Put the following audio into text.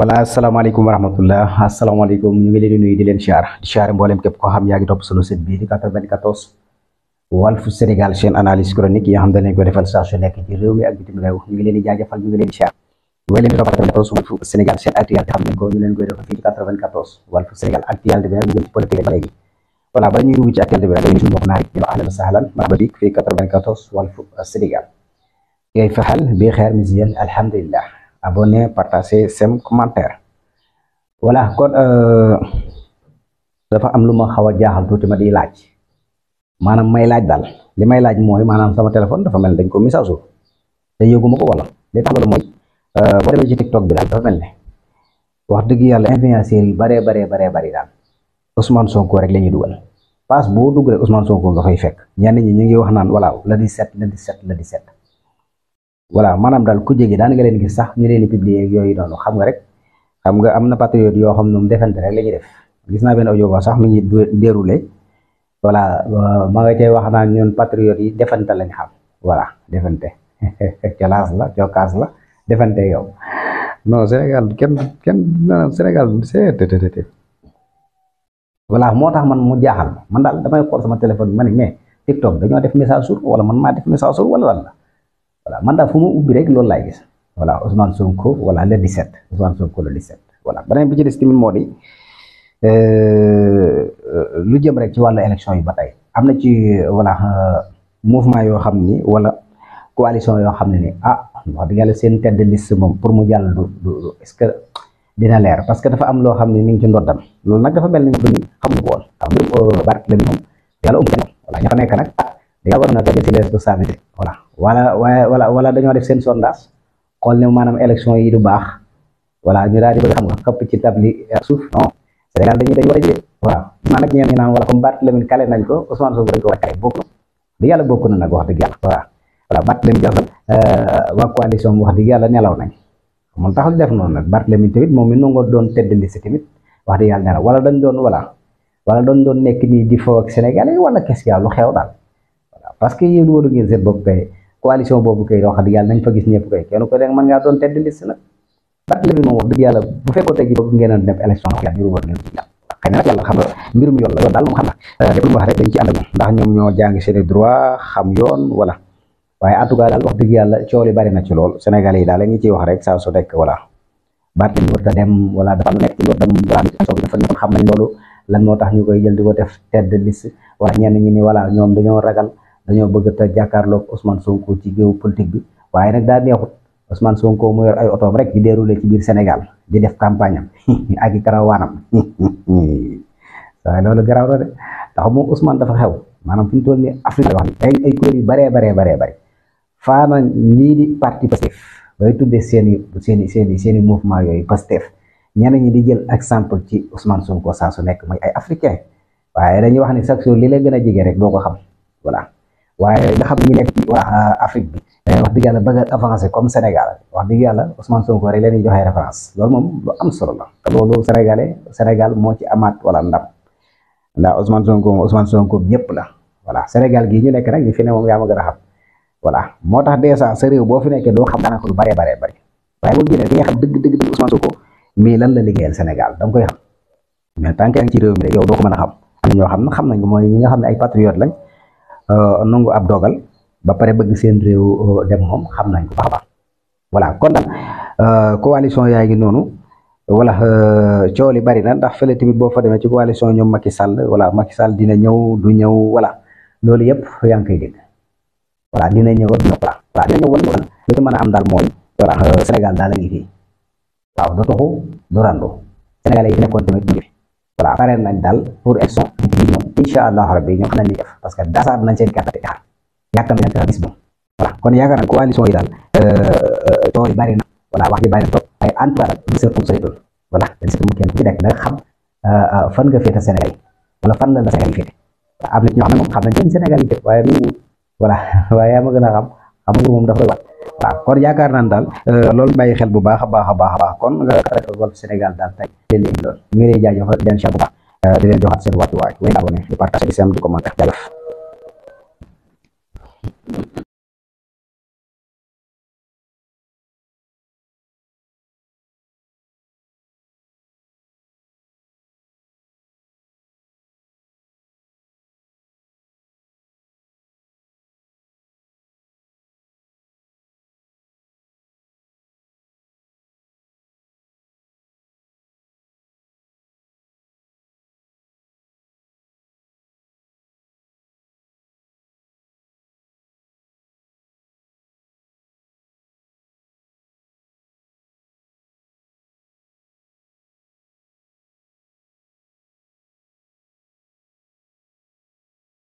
voilà asalaamaaleykum warahmatullah asalaamaaleykum ñu ngi leen di nuyu di leen siyaar di siyaar mboolem képp koo xam yaa ngi topp sunu site bii di 94 Walf Sénégal seen analyse chronique yi nga xam dañ ko defal saa su nekk ci réew mi ak bitim réew ñu ngi leen di jaajëfal ñu ngi leen di siyaar ñu ngi leen di topp 94 Walf Sénégal seen actualité xam nañ ko ñu leen koy defal fii ci 94 Walf Sénégal actualité bi nag ñu jëm ci politique léegi voilà ba ñuy dugg ci actualité bi nag dañuy suñu mbokk naa di ahlan sahlan marhaba bik fii 94 Walf Sénégal ngay fexal bi xeer misiyal alhamdulillah abonner, partager, sem commentaire voilà kon euh, dafa am lu ma xaw a jaaxal tuuti ma di laaj maanaam may laaj daal li may laaj mooy maanaam sama téléphone dafa mel dañ ko message wu te yëguma ko wala li tax loolu mooy euh, boo demee ci TikTok bi daal dafa mel ne wax dëgg yàlla influenceurs yi baree baree baree bari daal Ousmane Sonko rek la ñuy dugal pass boo dugalee Ousmane Sonko nga fay fekk ñenn ñi ñu ngi wax naan voilà le 17 le 17 le 17. voilà maanaam daal ku jege daan nga leen gis sax ñu leen di publier yooyu noonu xam nga rek xam nga am na patriote yoo xam ne moom defante rek la ñuy def gis naa benn audio ba sax mi ngi déroulé voilà euh, ma nga cay wax naan ñun patriote yi defante lañ xam voilà defante la cokaas la defante yow non Sénégal kenn kenn Sénégal c'est voilà moo tax man mu jaaxal man daal damay xool sama téléphone bi ma ne TikTok dañoo def message sur wala man maa def message wala lan la. voilà man daal fu mu ubbi rek loolu laay gis voilà Ousmane Sonko voilà le 17 Ousmane Sonko le 17 voilà beneen bi ci des tamit moo di euh, euh, lu jëm rek ci wàllu élection yi ba tey am na ci voilà euh, mouvement yoo xam ni wala coalition yoo xam ne ni ah wax dëgg seen tête de liste moom pour mu jàll du du est que dina leer parce que dafa am loo xam ne ni ngi ci ndoddam loolu nag dafa mel ni bëri xamuñu ko woon xam nga Barthélémy moom yàlla um kenn voilà nag ah yàlla war na ko jël responsabilité voilà wala waaye wala wala dañoo def seen sondage xool ne maanaam élection yi du baax voilà ñu daal di bëgg xam nga xëpp ci tabli euh, suuf non Sénégal a jëlee waaw man nag ñeen ñi naan wala comme Barthélémy kale nañ ko Ousmane Sonko dañ ko war di yàlla bokk na nag wax dëgg yàlla waaw voilà Barthélémy Dias nag euh, waa wax dëgg yàlla nelaw nañ tax taxul def noonu nag Barthélémy tamit moom mi nangoo doon tedd liste tamit wax dëgg yàlla nelaw wala dañ doon voilà wala doon doon nekk nii di fo ak Sénégalais wala qu'est-ce lu xew daal parce que yéen wóolu ngeen seen bopp coalition boobu kay wax dëgg yàlla nañ fa gis ñëpp kay kenn ko rek mën ngaa doon tedd liste nag Barthélémy moom wax dëgg yàlla bu fekkoon tey jii bëgg ngeen a def élection yàlla ñu ruboon xëy na nag la yoon moom xam na lépp lu mu wax rek dañ ci ànd ak moom ndax ñoom xam lool Sénégalais yi daal la ngi ciy wax rek saa su nekk voilà Barthélémy warta dem wala dafa nekk lu dem wala dafa nekkoon xam loolu lan moo tax ñu koy jël di ko def tedd liste wala ñenn ñi ni voilà ñoom dañoo ragal dañoo bëgg ta jàkkaarlook Ousmane Sonko ci géew politique bi waaye nag daa neexut Ousmane Sonko mu yor ay otoom rek di déroulé ci biir Sénégal di def campagne am ak i karawaanam waaye loolu garaaw na de ndax dafa xew maanaam fi mu toll nii Afrique wax yu baree baree baree bare faana lii di parti tuddee seen i seen i seen seen i mouvement yooyu Pastef ñenn ñi di jël exemple ci Ousmane Sonko saa su nekk mooy ay africain waaye dañuy wax ni chaque jour li la gën a jege rek doo ko xam voilà. waaye nga xam ne nekk ci waa euh, Afrique bi eh, wax dëgg yàlla ba a avancé comme Sénégal wax dëgg yàlla Ousmane Sonko rek leen di joxe référence loolu am solo la te loolu Sénégalais Sénégal moo ci amaat wala ndam ndax Ousmane Sonko Ousmane ñëpp la voilà Sénégal gii ñu nekk nag li fi ne moom yaa ma gën xam voilà moo tax des sa réew boo fi nekkee doo xam daanaka lu bare bare bare waaye boo génnee di nga xam dëgg dëgg dëgg Ousmane Sonko mais lan la liggéeyal Sénégal da nga koy xam mais tant que ci réew mi yow doo ko mën a xam am ñoo xam ne nga xam ne ay patriote lañ Euh, nangu ab dogal ba pare bëgg seen réew euh, dem moom xam nañ ko baax baax voilà kon daal euh, coalition yaa ngi noonu voilà coow li bari na ndax fële tamit boo fa demee ci coalition ñoom Macky Sall voilà Macky Sall dina ñëw du ñëw voilà loolu yëpp yaa ngi koy dégg dina ñëw dina dina ñëw wala wala mën a am daal mooy voilà Sénégal daal waaw du toxu du rando Sénégal yi fi nekkoon tamit voilà pare nañ daal pour élection bi moom incha allah rabbi ñoom xam nañ li def parce que dasaat nañ seen carte xaar yàkkam nañ kaa gis moom voilà kon yaakaar naa coalition yi daal euh, tool yi bari na voilà wax ji bari na trop waaye en tout cas daal seet moom soriwul voilà seet moom kenn ku ci nekk nag xam euh, euh, fan nga féete Sénégal wala fan la la Sénégal yi féete na xam xam nañ seen Sénégal yi féete waaye a waaw kon yaakaar naan daal euh, lool bàyyi xel bu baax a baax a baax a baax kon nga rek Walf Sénégal daal tey leen indi loolu ñu ngi lay den bu ma euh, di leen joxaat seen wàccuwaay way abonné di partager di sem di commenter jaajëf